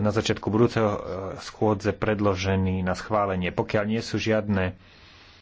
na začiatku budúceho eh, schôdze predložený na schválenie. Pokiaľ nie sú žiadne